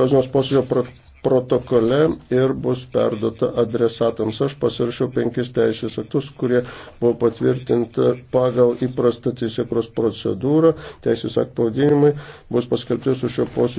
šios nors posėdžio protokole ir bus perduota adresatams. Aš pasirašiau penkis teisės aktus, kurie buvo patvirtinti pagal įprastą teisėkros procedūrą. Teisės akt pavadinimai bus paskelbti su šio posėdžio.